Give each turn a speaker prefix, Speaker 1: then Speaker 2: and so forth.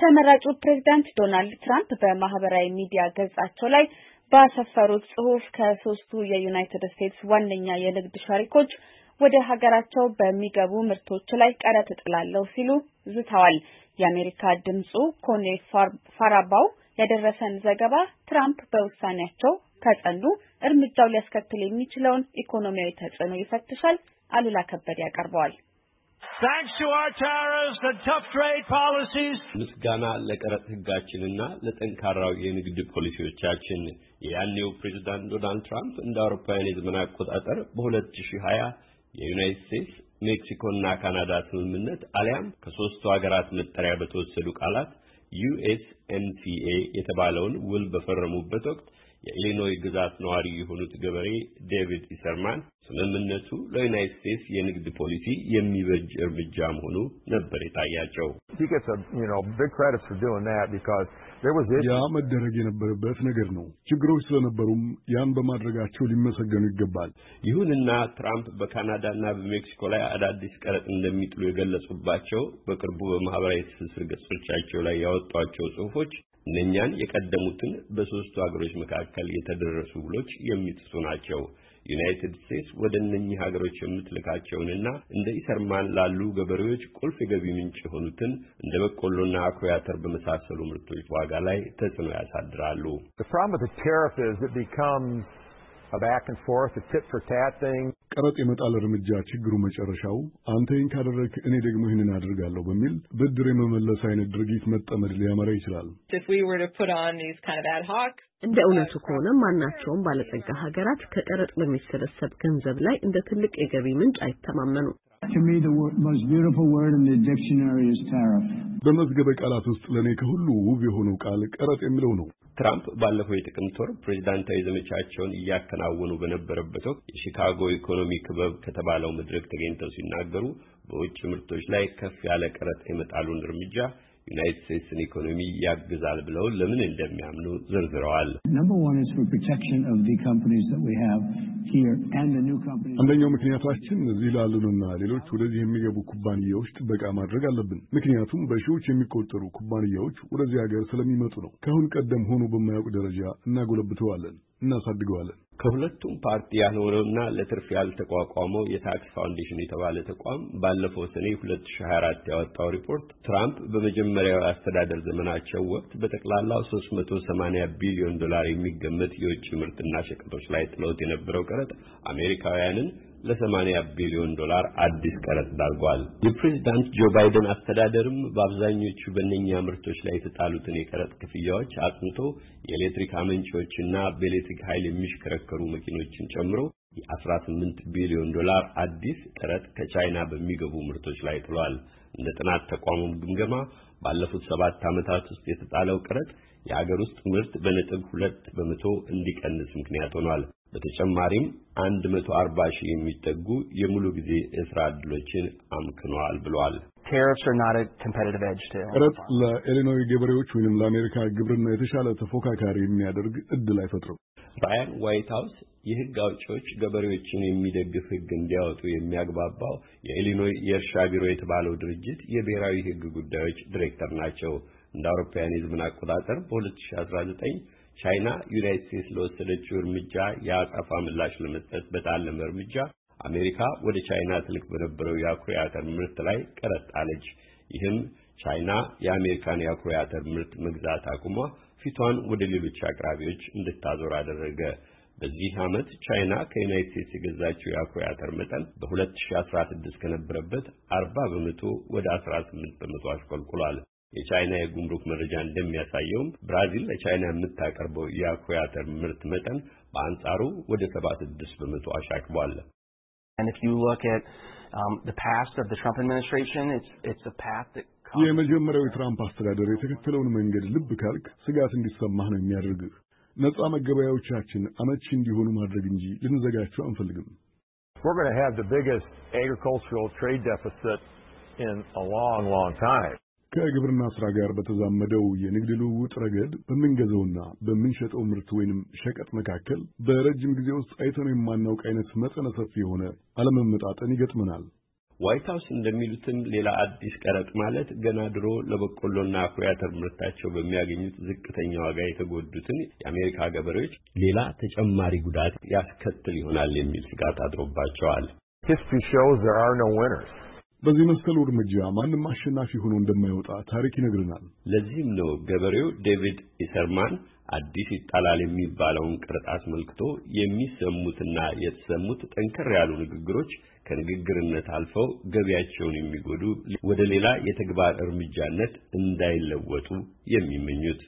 Speaker 1: ተመራጩ ፕሬዝዳንት ዶናልድ ትራምፕ በማህበራዊ ሚዲያ ገጻቸው ላይ ባሰፈሩት ጽሁፍ ከሶስቱ የዩናይትድ ስቴትስ ዋነኛ የንግድ ሸሪኮች ወደ ሀገራቸው በሚገቡ ምርቶች ላይ ቀረጥ እጥላለሁ ሲሉ ዝተዋል። የአሜሪካ ድምጹ ኮኔ ፋራባው ያደረሰን ዘገባ ትራምፕ በውሳኔያቸው ከጸኑ እርምጃው ሊያስከትል የሚችለውን ኢኮኖሚያዊ ተጽዕኖ ይፈትሻል። አሉላ ከበድ ያቀርበዋል። ምስጋና ለቀረጥ ሕጋችንና ለጠንካራው የንግድ ፖሊሲዎቻችን የያኔው ፕሬዝዳንት ዶናልድ ትራምፕ እንደ አውሮፓውያን የዘመን አቆጣጠር በ2020 የዩናይትድ ስቴትስ ሜክሲኮና ካናዳ ስምምነት አሊያም ከሶስቱ ሀገራት መጠሪያ በተወሰዱ ቃላት ዩኤስኤምሲኤ የተባለውን ውል በፈረሙበት ወቅት የኢሊኖይ ግዛት ነዋሪ የሆኑት ገበሬ ዴቪድ ኢሰርማን ስምምነቱ ለዩናይት ስቴትስ የንግድ ፖሊሲ የሚበጅ እርምጃ መሆኑ ነበር የታያቸው። ያ
Speaker 2: መደረግ የነበረበት ነገር ነው። ችግሮች ስለነበሩም ያን በማድረጋቸው ሊመሰገኑ ይገባል።
Speaker 1: ይሁንና ትራምፕ በካናዳና በሜክሲኮ ላይ አዳዲስ ቀረጥ እንደሚጥሉ የገለጹባቸው በቅርቡ በማህበራዊ ትስስር ገጾቻቸው ላይ ያወጧቸው ጽሑፎች እነኛን የቀደሙትን በሦስቱ ሀገሮች መካከል የተደረሱ ውሎች የሚጥሱ ናቸው። ዩናይትድ ስቴትስ ወደ እነኚህ ሀገሮች የምትልካቸውንና እንደ ኢሰርማን ላሉ ገበሬዎች ቁልፍ የገቢ ምንጭ የሆኑትን እንደ በቆሎና አኩሪ አተር በመሳሰሉ ምርቶች ዋጋ ላይ ተጽዕኖ ያሳድራሉ።
Speaker 2: ቀረጥ የመጣል እርምጃ ችግሩ መጨረሻው አንተ ይህን ካደረግክ እኔ ደግሞ ይህንን አድርጋለሁ በሚል ብድር የመመለስ አይነት ድርጊት መጠመድ ሊያመራ ይችላል። እንደ እውነቱ ከሆነ ማናቸውም
Speaker 1: ባለጸጋ ሀገራት ከቀረጥ በሚሰበሰብ ገንዘብ ላይ እንደ ትልቅ የገቢ ምንጭ አይተማመኑም።
Speaker 2: በመዝገበ ቃላት ውስጥ ለእኔ ከሁሉ ውብ የሆነው ቃል ቀረጥ የሚለው ነው። ትራምፕ ባለፈው የጥቅምት ወር ፕሬዚዳንታዊ
Speaker 1: ዘመቻቸውን እያከናወኑ በነበረበት ወቅት የሺካጎ ኢኮኖሚ ክበብ ከተባለው መድረክ ተገኝተው ሲናገሩ በውጭ ምርቶች ላይ ከፍ ያለ ቀረጥ የመጣሉን እርምጃ ዩናይትድ ስቴትስን ኢኮኖሚ ያግዛል ብለው ለምን እንደሚያምኑ ዘርዝረዋል። አንደኛው
Speaker 2: ምክንያታችን እዚህ ላሉንና ሌሎች ወደዚህ የሚገቡ ኩባንያዎች ጥበቃ ማድረግ አለብን። ምክንያቱም በሺዎች የሚቆጠሩ ኩባንያዎች ወደዚህ ሀገር ስለሚመጡ ነው። ከአሁን ቀደም ሆኖ በማያውቅ ደረጃ እናጎለብተዋለን። እናሳድገዋለን። ከሁለቱም ፓርቲ
Speaker 1: ያልሆነውና ለትርፍ ያልተቋቋመው የታክስ ፋውንዴሽን የተባለ ተቋም ባለፈው ሰኔ 2024 ያወጣው ሪፖርት ትራምፕ በመጀመሪያው አስተዳደር ዘመናቸው ወቅት በጠቅላላው 380 ቢሊዮን ዶላር የሚገመት የውጭ ምርትና ሸቀጦች ላይ ጥለውት የነበረው ቀረጥ አሜሪካውያንን ለ80 ቢሊዮን ዶላር አዲስ ቀረጥ ዳርጓል። የፕሬዝዳንት ጆ ባይደን አስተዳደርም በአብዛኞቹ በእነኛ ምርቶች ላይ የተጣሉትን የቀረጥ ክፍያዎች አጥንቶ የኤሌክትሪክ አመንጪዎችና በኤሌክትሪክ ኃይል የሚሽከረከሩ መኪኖችን ጨምሮ የ18 ቢሊዮን ዶላር አዲስ ቀረጥ ከቻይና በሚገቡ ምርቶች ላይ ጥሏል። እንደ ጥናት ተቋሙም ግምገማ ባለፉት ሰባት ዓመታት ውስጥ የተጣለው ቀረጥ የአገር ውስጥ ምርት በነጥብ ሁለት በመቶ እንዲቀንስ ምክንያት ሆኗል። በተጨማሪም 140 ሺህ የሚጠጉ የሙሉ ጊዜ የስራ ዕድሎችን አምክኗል ብሏል።
Speaker 2: ቀረጥ ለኢሊኖይ ገበሬዎች ወይም ለአሜሪካ ግብርና የተሻለ ተፎካካሪ የሚያደርግ እድል አይፈጥርም።
Speaker 1: ራያን ዋይት ሀውስ የህግ አውጪዎች ገበሬዎችን የሚደግፍ ህግ እንዲያወጡ የሚያግባባው የኢሊኖይ የእርሻ ቢሮ የተባለው ድርጅት የብሔራዊ ህግ ጉዳዮች ዲሬክተር ናቸው። እንደ አውሮፓውያን የዘመን አቆጣጠር በ2019 ቻይና ዩናይት ስቴትስ ለወሰደችው እርምጃ የአጸፋ ምላሽ ለመስጠት በታለመ እርምጃ አሜሪካ ወደ ቻይና ትልቅ በነበረው የአኩሪ አተር ምርት ላይ ቀረጥ ይህም ቻይና የአሜሪካን የአኩሪ አተር ምርት መግዛት አቁሟ ፊቷን ወደ ሌሎች አቅራቢዎች እንድታዞር አደረገ። በዚህ ዓመት ቻይና ከዩናይት ስቴትስ የገዛችው የአኩሪ አተር መጠን በ2016 ከነበረበት 40 በመቶ ወደ 18 በመቶ አሽቆልቁሏል። የቻይና የጉምሩክ መረጃ እንደሚያሳየውም ብራዚል ለቻይና የምታቀርበው የአኩያተር ምርት መጠን በአንጻሩ ወደ ሰባ ስድስት በመቶ አሻቅቧል።
Speaker 2: um, የመጀመሪያው የትራምፕ አስተዳደር የተከተለውን መንገድ ልብ ካልክ ስጋት እንዲሰማህ ነው የሚያደርግህ። ነፃ መገበያዎቻችን አመቺ እንዲሆኑ ማድረግ እንጂ ልንዘጋቸው አንፈልግም። We're going to have the biggest
Speaker 1: agricultural trade deficit in a long, long time.
Speaker 2: ከግብርና ስራ ጋር በተዛመደው የንግድ ልውውጥ ረገድ በምንገዛውና በምንሸጠው ምርት ወይንም ሸቀጥ መካከል በረጅም ጊዜ ውስጥ አይተነው የማናውቅ አይነት መጠነ ሰፊ የሆነ አለመመጣጠን ይገጥመናል።
Speaker 1: ዋይት ሀውስ እንደሚሉትም ሌላ አዲስ ቀረጥ ማለት ገና ድሮ ለበቆሎና አኩሪ አተር ምርታቸው በሚያገኙት ዝቅተኛ ዋጋ የተጎዱትን የአሜሪካ ገበሬዎች ሌላ ተጨማሪ ጉዳት ያስከትል ይሆናል የሚል ስጋት አድሮባቸዋል።
Speaker 2: History shows there are no winners. በዚህ መሰሉ እርምጃ ማንም አሸናፊ ሆኖ እንደማይወጣ ታሪክ ይነግረናል።
Speaker 1: ለዚህም ነው ገበሬው ዴቪድ ኢሰርማን አዲስ ይጣላል የሚባለውን ቅርጽ አስመልክቶ የሚሰሙትና የተሰሙት ጠንከር ያሉ ንግግሮች ከንግግርነት አልፈው ገቢያቸውን የሚጎዱ ወደ ሌላ የተግባር እርምጃነት እንዳይለወጡ የሚመኙት።